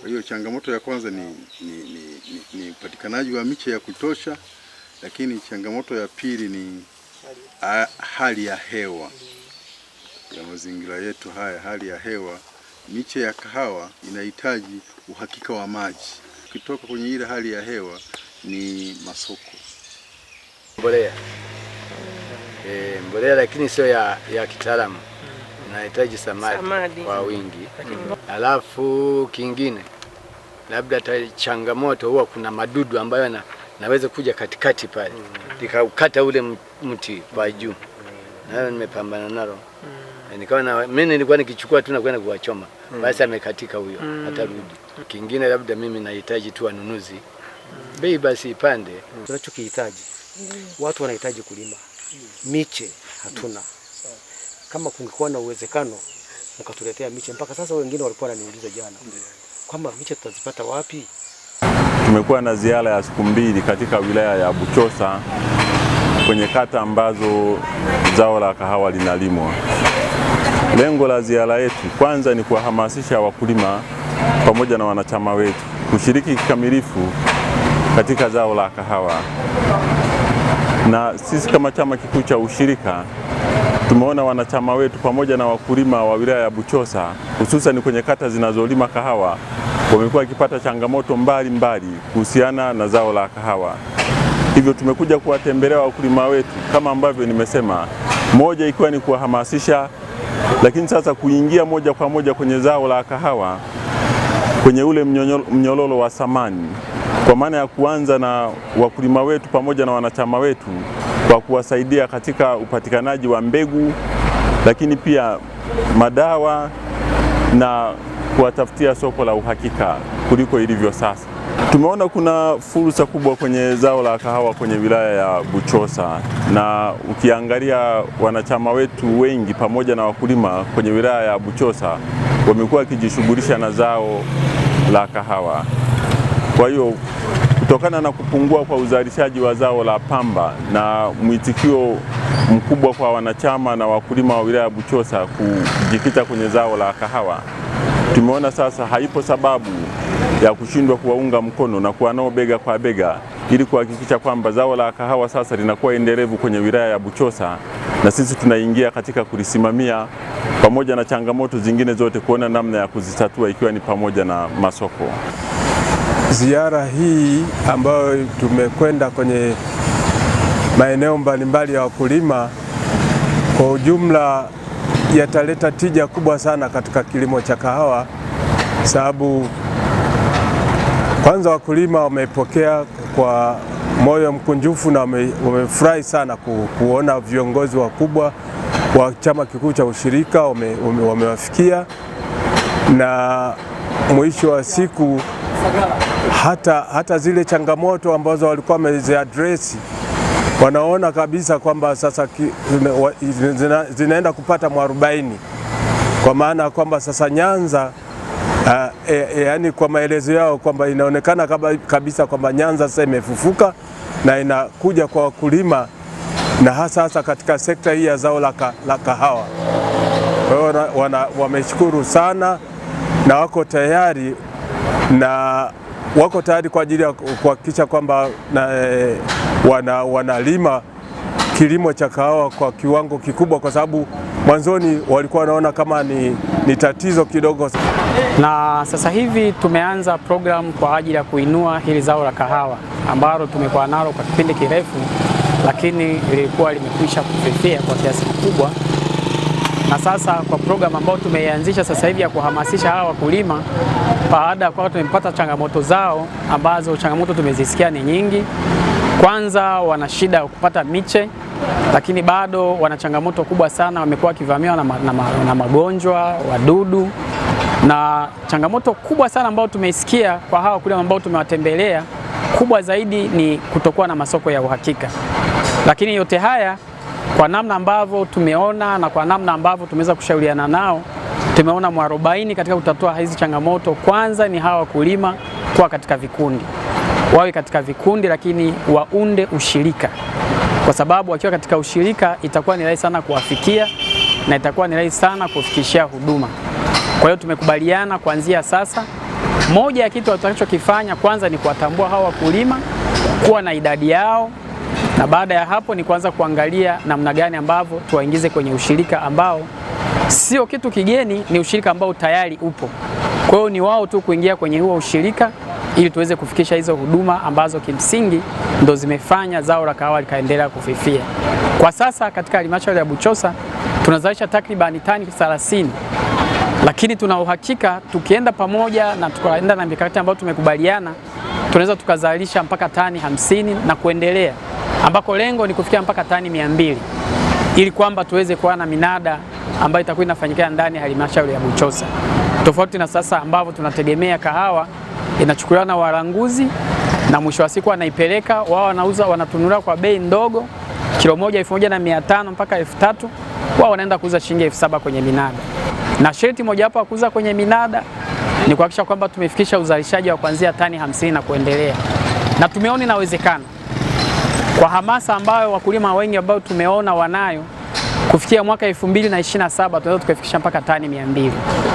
Kwa hiyo changamoto ya kwanza ni, ni, ni, ni, ni upatikanaji wa miche ya kutosha, lakini changamoto ya pili ni a, hali ya hewa ya mazingira yetu haya. Hali ya hewa, miche ya kahawa inahitaji uhakika wa maji. Ukitoka kwenye ile hali ya hewa ni masoko mbolea, e, mbolea lakini sio ya, ya kitaalamu tunahitaji samadi, samadi kwa wingi mm. Alafu kingine labda changamoto huwa kuna madudu ambayo na, naweza kuja katikati pale mm. nikaukata mm. ule mti kwa juu mm. nayo nimepambana nalo mm. nikawa na mimi nilikuwa nikichukua tu na kwenda kuwachoma mm. basi amekatika huyo mm. rudi Kingine labda mimi nahitaji tu wanunuzi mm. bei basi ipande mm. tunachokihitaji mm. watu wanahitaji kulima mm. miche hatuna mm kama kungekuwa na uwezekano mkatuletea miche. Mpaka sasa wengine walikuwa wananiuliza jana kwamba miche tutazipata wapi? Tumekuwa na ziara ya siku mbili katika wilaya ya Buchosa kwenye kata ambazo zao la kahawa linalimwa. Lengo la ziara yetu kwanza ni kuwahamasisha wakulima pamoja na wanachama wetu kushiriki kikamilifu katika zao la kahawa, na sisi kama chama kikuu cha ushirika Tumeona wanachama wetu pamoja na wakulima wa wilaya ya Buchosa hususan kwenye kata zinazolima kahawa wamekuwa wakipata changamoto mbalimbali kuhusiana na zao la kahawa. Hivyo tumekuja kuwatembelea wakulima wetu kama ambavyo nimesema, moja ikiwa ni kuwahamasisha, lakini sasa kuingia moja kwa moja kwenye zao la kahawa kwenye ule mnyololo wa thamani, kwa maana ya kuanza na wakulima wetu pamoja na wanachama wetu kwa kuwasaidia katika upatikanaji wa mbegu, lakini pia madawa na kuwatafutia soko la uhakika kuliko ilivyo sasa. Tumeona kuna fursa kubwa kwenye zao la kahawa kwenye wilaya ya Buchosa, na ukiangalia wanachama wetu wengi pamoja na wakulima kwenye wilaya ya Buchosa wamekuwa wakijishughulisha na zao la kahawa. Kwa hiyo Kutokana na kupungua kwa uzalishaji wa zao la pamba na mwitikio mkubwa kwa wanachama na wakulima wa wilaya ya Buchosa kujikita kwenye zao la kahawa, tumeona sasa haipo sababu ya kushindwa kuwaunga mkono na kuwa nao bega kwa bega ili kuhakikisha kwamba zao la kahawa sasa linakuwa endelevu kwenye wilaya ya Buchosa, na sisi tunaingia katika kulisimamia pamoja na changamoto zingine zote, kuona namna ya kuzitatua ikiwa ni pamoja na masoko ziara hii ambayo tumekwenda kwenye maeneo mbalimbali ya wakulima kwa ujumla yataleta tija kubwa sana katika kilimo cha kahawa, sababu kwanza wakulima wamepokea kwa moyo mkunjufu na wamefurahi sana ku, kuona viongozi wakubwa wa chama kikuu cha ushirika wamewafikia, wame na mwisho wa siku hata, hata zile changamoto ambazo walikuwa wameziadresi wanaona kabisa kwamba sasa ki, zina, zinaenda kupata mwarobaini kwa maana ya kwamba sasa Nyanza uh, e, e, yani kwa maelezo yao kwamba inaonekana kabisa kwamba Nyanza sasa imefufuka na inakuja kwa wakulima na hasa hasa katika sekta hii ya zao la, la kahawa. Kwa hiyo wameshukuru sana na wako tayari na wako tayari kwa ajili ya kuhakikisha kwamba eh, wana, wanalima kilimo cha kahawa kwa kiwango kikubwa, kwa sababu mwanzoni walikuwa wanaona kama ni, ni tatizo kidogo, na sasa hivi tumeanza programu kwa ajili ya kuinua hili zao la kahawa ambalo tumekuwa nalo kwa kipindi kirefu, lakini lilikuwa limekwisha kufifia kwa kiasi kikubwa na sasa kwa programu ambayo tumeianzisha sasa hivi ya kuhamasisha hawa wakulima, baada ya kwa tumepata changamoto zao ambazo changamoto tumezisikia ni nyingi. Kwanza wana shida ya kupata miche, lakini bado wana changamoto kubwa sana, wamekuwa wakivamiwa na, ma, na, ma, na magonjwa, wadudu na changamoto kubwa sana ambayo tumeisikia kwa hawa wakulima ambao tumewatembelea, kubwa zaidi ni kutokuwa na masoko ya uhakika, lakini yote haya kwa namna ambavyo tumeona na kwa namna ambavyo tumeweza kushauriana nao, tumeona mwarobaini katika kutatua hizi changamoto, kwanza ni hawa wakulima kuwa katika vikundi, wawe katika vikundi, lakini waunde ushirika, kwa sababu wakiwa katika ushirika itakuwa ni rahisi sana kuwafikia na itakuwa ni rahisi sana kufikishia huduma. Kwa hiyo tumekubaliana kuanzia sasa, moja ya kitu watakachokifanya kwanza ni kuwatambua hawa wakulima, kuwa na idadi yao na baada ya hapo ni kuanza kuangalia namna gani ambavyo tuwaingize kwenye ushirika ambao sio kitu kigeni, ni ushirika ambao tayari upo. Kwa hiyo ni wao tu kuingia kwenye huo ushirika ili tuweze kufikisha hizo huduma ambazo kimsingi ndo zimefanya zao la kahawa likaendelea kufifia. Kwa sasa katika halmashauri ya Buchosa tunazalisha takribani tani 30 lakini tuna uhakika tukienda pamoja na tukaenda na mikakati ambayo tumekubaliana tunaweza tukazalisha mpaka tani hamsini na kuendelea ambako lengo ni kufikia mpaka tani mia mbili ili kwamba tuweze kuwa na minada ambayo itakuwa inafanyika ndani ya halmashauri ya Buchosa, tofauti na sasa ambavyo tunategemea kahawa inachukuliwa na walanguzi na mwisho wa siku wanaipeleka wao, wanauza wanatunulia kwa bei ndogo, kilo moja elfu moja na mia tano mpaka elfu tatu wao wanaenda kuuza shilingi elfu saba kwenye minada. Na sharti mojawapo ya kuuza kwenye minada ni kuhakikisha kwamba tumefikisha uzalishaji wa kuanzia tani hamsini na kuendelea, na tumeona inawezekana. Kwa hamasa ambayo wakulima wengi ambao tumeona wanayo kufikia mwaka 2027 tunaweza tukafikisha mpaka tani 200.